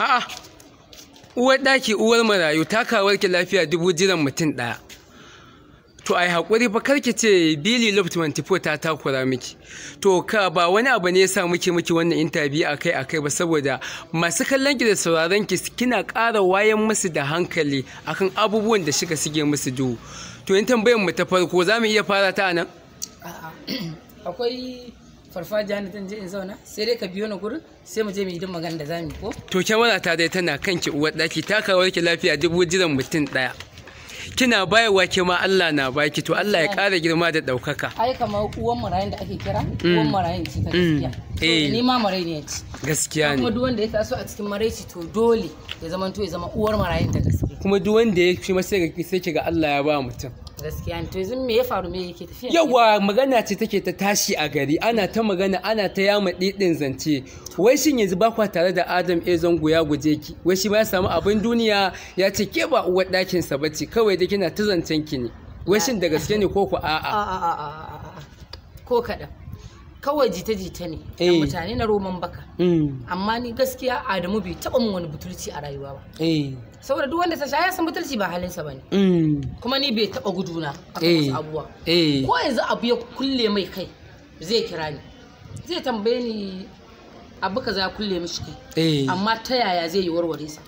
a'a uwar ɗaki uwar marayu takawar ki lafiya dubu jiran mutum ɗaya to ai haƙuri fa ki ce Billy Love 24 ta takura miki to ka ba wani abu ne yasa muke miki wannan kai akai akai ba saboda masu kallon ki da sauraron ki kina ƙara wayan musu da hankali akan abubuwan da shiga sige musu duhu to in tambayar mu ta farko za mu iya fara ta anan akwai farfajiya ne zan je in zauna sai dai ka biyo ni gurin sai mu je mu yi duk magana da za mu ko to mana ta dai tana kanki uwar daki ta kawar ki lafiya dubu jiran mutum ɗaya. kina bayarwa ke ma Allah na baki to Allah ya ƙara girma da ɗaukaka. Ai kamar uwan marayun da ake kira mm. uwan marayun ce ta mm. gaskiya. to eh. ni ma marai ne ci. Gaskiya ne. Kuma duk wanda ya taso a cikin maraici to dole ya zama to ya zama uwar marayun da gaskiya. Kuma duk wanda ya fi sai sai ga Allah ya ba mutum. gaskiya to yanzu me ya faru me yake tafiya yawa magana ce take ta tashi a gari ana ta magana ana ta yama didin zance wai shin yanzu ba kwa tare da Adam A zango ya guje ki wai shi ba ya samu abin duniya ya ce ke ba uwar ɗakin sa bace kawai da kina ta zancen ki ne wai shin da gaske ne ko ku a'a ko kaɗan kawai jita-jita ne da eh. mutane na roman baka hmm. amma ni gaskiya adamu bai taba min wani butulci a rayuwa ba eh. saboda duk wanda ta sha ya san butulci ba halinsa ba ne hmm. kuma ni bai taba guduna a eh. wasu abubuwa ko yanzu abu ya kulle mai kai zai kira ni zai tambaye ni abu ka za kulle mishi kai amma ta yaya zai yi warware sa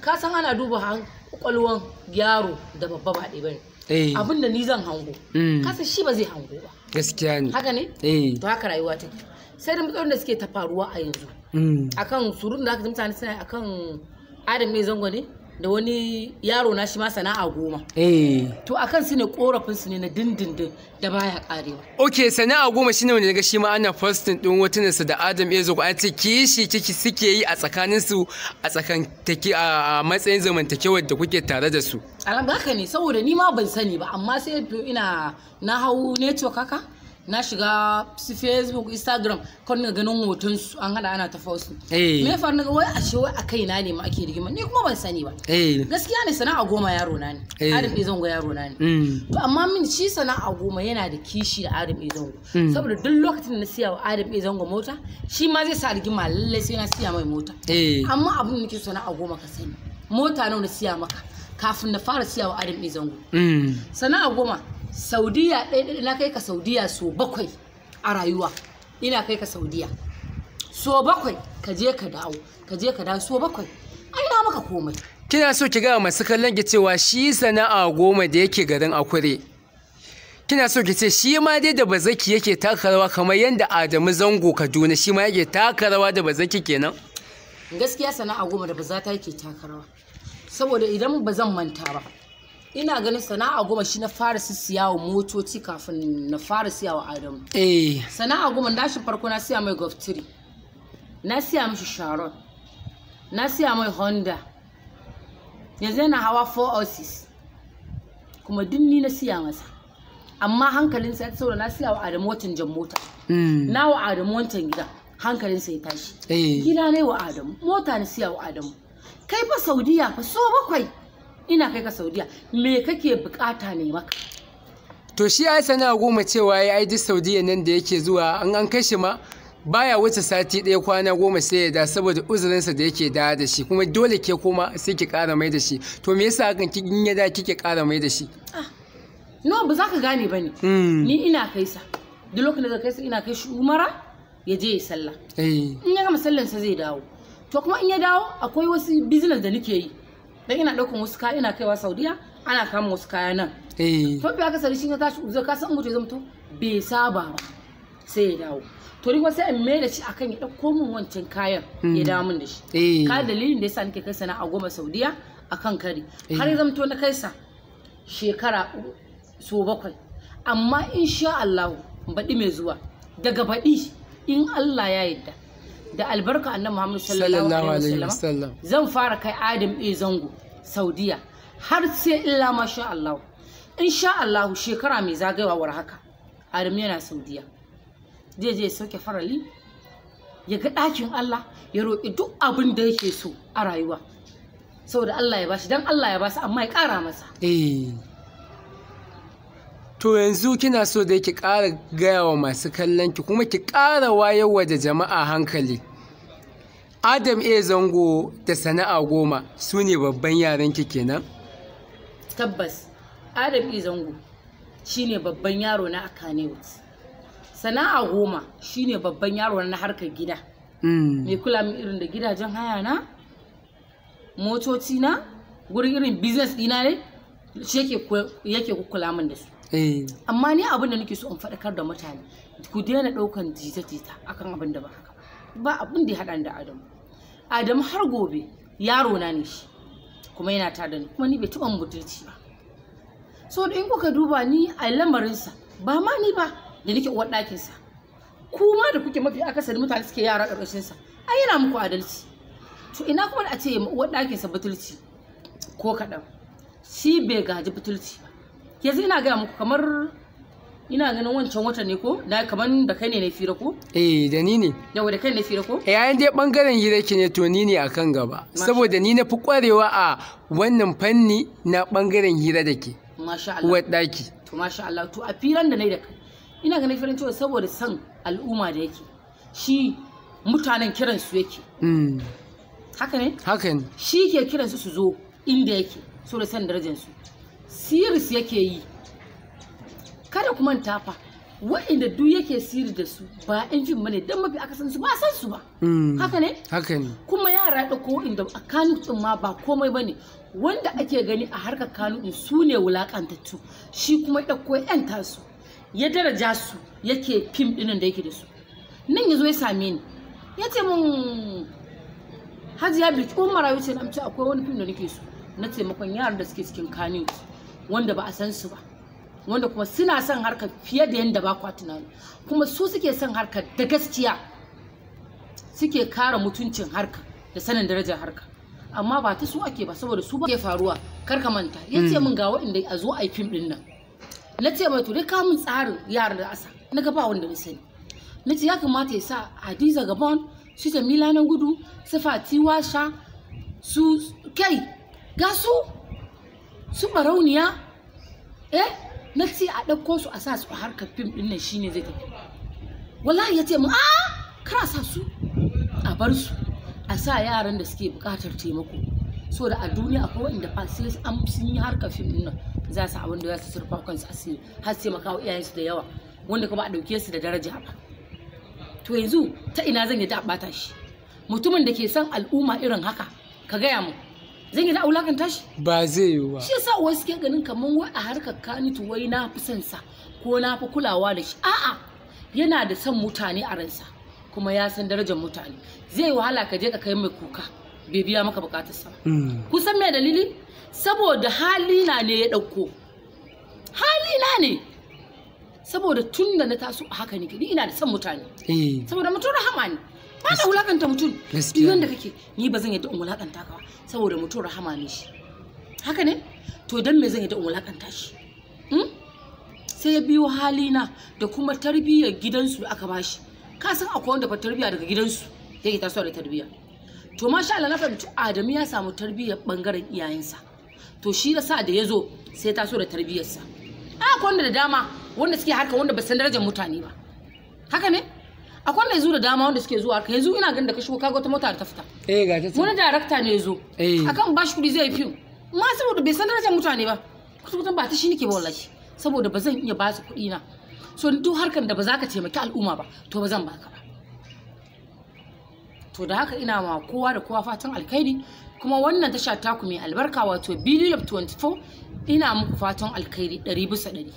ka san ana duba kwakwalwan yaro da babba ba ɗaya ba ne Eh. abin da ni zan hango mm. kasa shi ba zai hango ba gaskiya ne haka ne eh. to haka rayuwa take sai da matsalolin da suke ta faruwa a yanzu mm. akan surun da aka ji mutane suna akan adam mai zango ne da wani yaro na shi ma sana'a goma. Eh. To akan su ne korafin su ne na dindindin da baya karewa. Ok sana'a goma shi ne daga shi ma ana posting din hotunan su da Adam ya ko an ce kishi kiki suke yi a tsakanin su a tsakan a matsayin zamantakewar da kuke tare da su. alam haka ne saboda ni ma ban sani ba amma sai ina na hau network haka na shiga su facebook instagram kan na ganin hoton su an hada ana ta fosu eh. me faru naga wai ashe wai kai na ne ma ake rigima ni kuma ban sani ba eh. gaskiya ne sana'a goma yaro na ne eh. adam zango yaro na ne mm. to amma min shi sana'a goma yana da kishi da adam zango mm. saboda duk lokacin da na siya wa adam zango mota shi ma zai sa rigima lallai sai na siya mai mota amma abin da nake sana'a goma ka sani mota nawa na siya maka kafin na fara siyawa adam ɗin zango mm. sana'a goma saudiya ɗaya na kai ka saudiya so bakwai a rayuwa ina kai ka saudiya so bakwai ka je ka dawo ka je ka dawo so bakwai ai na maka komai kina so ki gaya masu kallon ki cewa shi sana'a goma da yake garin akure kina so ki ce shi ma dai da bazaki yake taka rawa kamar yadda adamu zango kaduna shi ma yake taka rawa da bazaki kenan gaskiya sana'a goma da bazata yake taka rawa saboda idan ba zan manta ba ina ganin sana'a goma shi na fara siya wa motoci kafin na fara siya wa adamu eh sana'a goma shi farko na siya mai golf 3 na siya mishi sharon na siya mai honda yanzu yana hawa 4 oasis kuma duk ni na siya masa amma hankalinsa ya saboda na siya wa adamu watan jan mota hmm. na wa adamu wancan gida hankalinsa ya tashi eh. gida ne wa adamu mota na siya wa adamu kai fa saudiya fa so bakwai ina kai ka saudiya me kake bukata ne maka to shi ai sana goma cewa ya ai duk saudiya nan da yake zuwa an an kashe ma baya wuce sati ɗaya kwana goma sai ya da saboda uzurinsa da yake da da shi kuma dole ke koma sai ki ƙara mai da shi to me yasa hakan kin ya da kike ƙara mai da shi ah, no ba za ka gane bane hmm. ni ina kai sa duk lokacin da kai sa ina kai shi umara ya je ya sallah eh. in ya gama sa zai dawo to kuma in ya dawo akwai wasu business da nake yi dan ina daukan wasu kaya ina kaiwa Saudiya ana kama wasu kaya nan eh. to bai aka sari shi ka tashi uzo ka san mutu mutu bai saba ba sai ya dawo to ni sai in mai da shi akan ya dauko min wancan kayan ya hmm. dawo min da shi eh. ka dalilin da yasa nake kai sana'a goma Saudiya akan kari eh. har mutu na kaisa shekara so bakwai amma insha Allah baɗi mai zuwa daga baɗi in Allah ya yarda da albarka annan Muhammad sallallahu alaihi wasallam zan fara kai Adam e zango Saudiya har sai illa masha Allah insha Allah shekara mai zagayowa war haka Adam yana Saudiya zai je sauke farali ya ga ɗakin Allah ya roƙi duk abin da yake so a rayuwa saboda Allah ya bashi dan Allah ya basu amma ya ƙara masa eh to yanzu kina so dai ki ƙara gaya wa masu kallon ki kuma ki ƙara wa da jama'a hankali adam a zango da sana'a goma su ne babban yaran ki kenan tabbas adam a zango shi ne babban yaro na akanewa sana'a goma shi ne babban yaro na harkar gida hmm. mai kula min irin da gidajen haya na motoci na gurin irin business dina ne shi yake kula min da su Eh. amma ni abin da nake so in faɗakar da mutane ku daina ɗaukan jita-jita akan abin da ba haka ba abin da ya haɗa da adamu adamu har gobe yaro na ne shi kuma yana da ni kuma ni bai taɓa mutunci ba so da in kuka duba ni a lamarinsa ba ma ni ba da nake uwar ɗakinsa kuma da kuke mafi akasari mutane suke yara ƙarƙashinsa ai yana muku adalci to ina kuma da a ce uwar ɗakinsa butulci ko kaɗan shi bai gaji butulci ba yanzu ina gaya muku kamar ina ganin wancan watan ne ko da kamar da kai ne na fira ko eh da ni ne yawa da kai ne fira ko eh yayin dai bangaren hira ki ne to ni ne akan gaba saboda ni na fi kwarewa a wannan fanni na bangaren hira da ke masha Allah wa daki to masha Allah to a firan da nayi da kai ina ganin firan cewa saboda san al'umma da yake shi mutanen kiran su yake mm. haka ne haka ne shi ke kiran su su zo inda yake so da san darajar su siris yake yi kada ku manta fa wa'inda duk yake siri da su ba yan jin bane dan mafi akasan su ba san su ba mm. haka ne haka ne kuma yara da ko inda a kanu din ma ba komai bane wanda ake gani a harkar kanu din su ne wulakantattu shi kuma ya dauko yan tasu ya daraja su yake fim dinin da yake da su nan yazo ya same ni ya ce mun hajiya bilki umar ce na akwai wani fim da nake so na taimakon yaran da suke cikin kanu wanda ba a san su ba wanda kuma suna son harkar fiye da yadda ba kwa tunani kuma su suke son harkar da gaskiya suke kara mutuncin harka da sanin darajar harka amma ba ta su ake ba saboda su ba ke faruwa kar ka manta ya ce min ga waɗanda a zo a yi fim ɗin nan na ce mai to dai mun tsarin yaran da asa na ga ba wanda na sani na ce ya kamata ya sa hadiza gabon su jamila na gudu su fati sha su kai ga su su barauniya eh na ce a ɗauko su a sa su a harkar fim ɗin nan shine zai tafi wallahi ya ce mu a ah, kar a sa su a bar su a sa yaran da suke buƙatar taimako so da a duniya akwai wanda fa sai an sun yi harkar fim ɗin nan za su a da za su surfa kansu asiri har sai makawa iyayensu da yawa wanda kuma a ɗauke su da daraja ba to yanzu ta ina zan yi a ɓata shi mutumin da ke son al'umma irin haka ka gaya mu zan yi da wulakanta tashi? ba zai yi ba shi yasa wai suke ganin kamar wai a harkar kanitu wai na fi son sa ko na fi kulawa da shi a'a yana da son mutane a ransa kuma ya san darajar mutane zai wahala ka je ka kai mai kuka bai biya maka bukatar sa hmm. kusan me dalili saboda halina ne ya dauko halina ne saboda tun da na taso a haka ne ina da son mutane eh. saboda mutum rahama ne ba wulakanta mutum duk yanda kake ni ba zan yi in wulakanta ka saboda mutum rahama ne shi haka ne to dan me zan yi in wulakanta shi hmm? sai ya biyo halina da kuma tarbiyyar gidansu da aka bashi ka san akwai wanda fa tarbiyya daga gidansu yake tasowa da tarbiyya to masha Allah na fahimci Adamu ya samu tarbiyyar bangaren iyayensa to shi sa da ya zo sai ya taso da tarbiyyarsa akwai wanda da dama wanda suke haka wanda ba san darajar mutane ba haka ne akwai mai zu da dama wanda suke zuwa yanzu ina ganin da ka shigo kaga wata mota da ta fita eh ga ta wani director ne zo eh. akan bashi kudi zai fi ma saboda bai san darajar mutane ba kusa ba ta shi nake ba wallahi saboda ba zan iya ba su kuɗi na so duk harkan da ba za ka taimaki al'umma ba to ba zan ka ba to da haka ina ma kowa da kowa fatan alkhairi kuma wannan tasha ta ku mai albarka wato billion 24 ina muku fatan alkhairi 100 bisa ɗari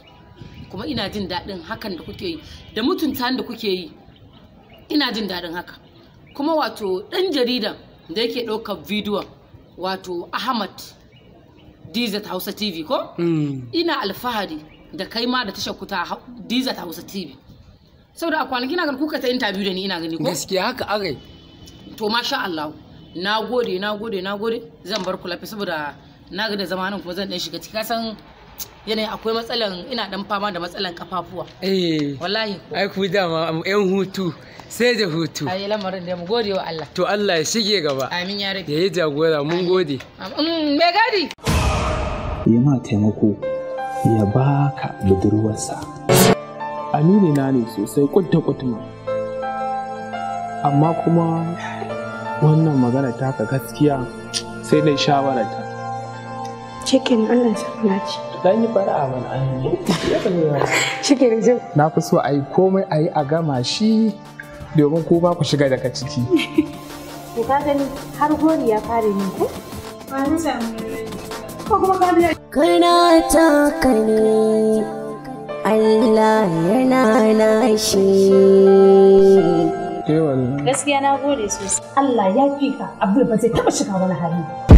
kuma ina jin daɗin hakan da kuke yi da mutunta da kuke yi ina jin daɗin haka kuma wato ɗan jaridan da yake ɗaukar bidiyon wato ahmad dizat hausa tv ko mm. ina alfahari da kai ma da tashar kuta dizat hausa tv saboda a kwanaki na ganin kuka ta interview da ni ina gani ko gaskiya haka agai to masha Allah na gode na gode na gode zan bar kula saboda na ga da zamanin kuma zan dan shiga cikin kasan yanayin akwai matsalan ina dan fama da matsalan kafafuwa eh wallahi ai ku dama yan um, hutu sai da hutu ai lamarin da mu gode wa Allah to Allah ya shige gaba amin ya rabi yayi jagora mun gode me gadi ya ma taimako ya baka budurwarsa amini na ne sosai kutta kwatuma. amma kuma wannan magana ta ka gaskiya sai dai ta. cikin Allah sa ci dan yi fara'a mana an yi na fi so a yi komai a yi a gama shi domin ko ba ku shiga daga ciki to ka gani har gori ya fara yin ko kana ta kani Allah yana nashi gaskiya na gode sosai Allah ya fika abdul ba zai taba shiga wani hali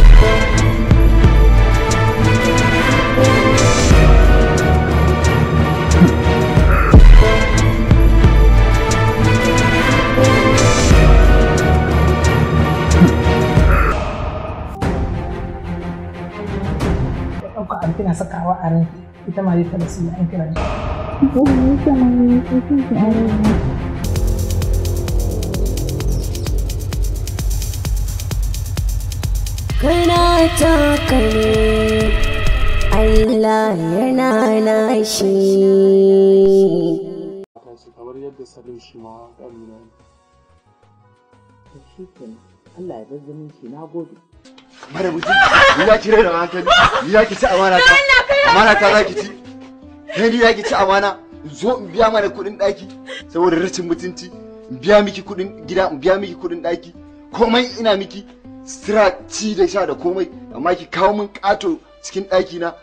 kina sakawa a rai ita ma ta da su an kira ne. Kana taka ne Allah yana nashi. kamar yadda salim shi ma amina ne. Allah ya bar zumunci na gode. mara mutum ni ki raina hankali ni ki ci amana ta amana ta za ki ci kai ni ki ci amana zo in biya mana kuɗin ɗaki saboda rashin mutunci in biya miki kuɗin gida in biya miki kuɗin ɗaki komai ina miki sira ci da sha da komai amma ki kawo min ƙato cikin ɗaki na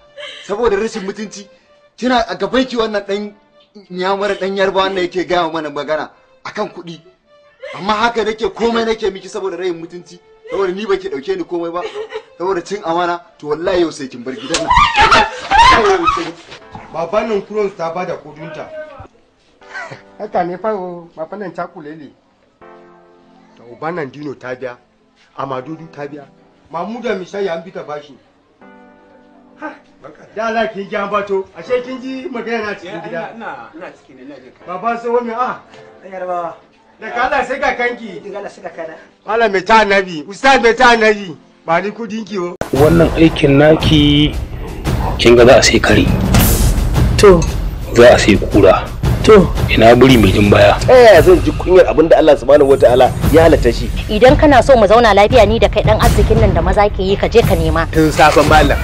saboda rashin mutunci kina a gaban ki wannan ɗan nyamara ɗan yarba wanda yake gaya mana magana akan kuɗi amma haka nake komai nake miki saboda rashin mutunci saboda ni baki dauke ni komai ba saboda cin amana to wallahi yau sai kin bar gidan nan baban nan kurons ta bada kudinta haka ne fa oh, baban nan cakulele to uban nan dino ta biya amadudu ta biya mamuda misali an bita bashi da ala kin ji an bato ashe kin ji magana cikin gida ina ina cikin ina jin baba sai wani a ah? yarbawa daga Allah sai ka kanki daga Allah sai ka kana malam mai ta annabi ustaz mai ta annabi ba ni kudin ki wo wannan aikin naki kin ga za a sai kare to za a sai kura to ina buri mai jin baya ta yaya zan ji kunyar abinda Allah subhanahu wataala ya halatta shi idan kana so mu zauna lafiya ni da kai dan arzikin nan da maza ke yi ka je ka nema tun safan malam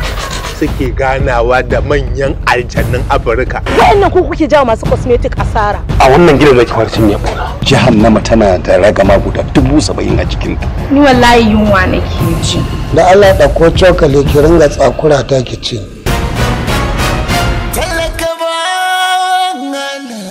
suke ganawa da manyan aljannin Afirka. Wa'annan ku kuke jawo masu cosmetic asara. A wannan gidan ke fara cinye kuna. Jahannama tana da ragama guda dubu saba'in a cikin ta. Ni wallahi yunwa nake ji. Da Allah ko cokali ki ringa tsakura ta ki ci. Sai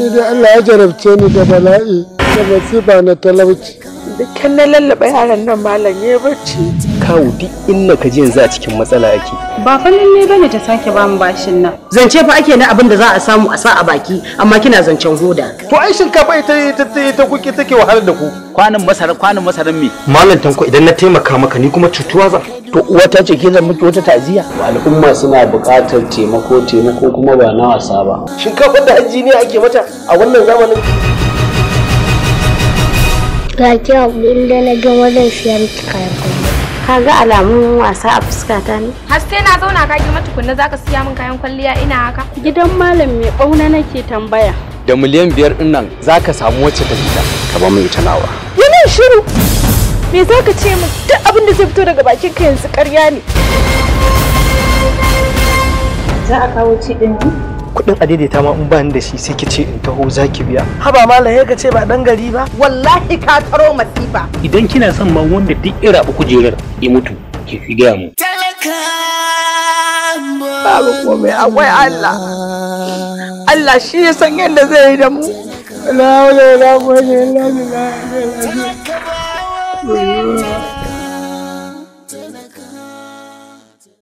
dai Allah ya jarabce ni da bala'i da masifa na talauci. dukkan na lallaba yaran nan malam ya bacci kawo duk inna ka yanzu a cikin matsala ake ba ne lalle bane ta sake ba mu bashin nan zance fa ake na abin da za a samu a sa a baki amma kina zancen hoda to ai shinkafa ita ta ta kuke take wahalar da ku kwanan masara kwanan masaran me malam tanko idan na taimaka maka ni kuma cutuwa za to uwa ta ce ke zan miki wata ta'aziya. al'umma suna buƙatar taimako taimako kuma ba na wasa ba shinkafar da hajji ne ake mata a wannan zamanin ga abu inda na ga zan siya ka ga alamun wasa a fuskata ne har na zauna ka gima tukunna zaka siya min kayan kwalliya ina haka gidan malam mai bauna nake tambaya da miliyan biyar din nan zaka samu wacce ta fita ka ba mu ita nawa yana shiru me zaka ce min duk abin da zai fito daga bakin ka yanzu ƙarya ne za a kawo ci din kuɗin a daidaita ma in bani da shi sai ki ce in taho za ki biya haba malam ya ce ba dan gari ba wallahi ka taro masifa idan kina son ma wanda duk ira ba kujerar ya mutu ki fi gaya mu babu komai akwai Allah Allah shi ya san yadda zai yi da mu la wala la la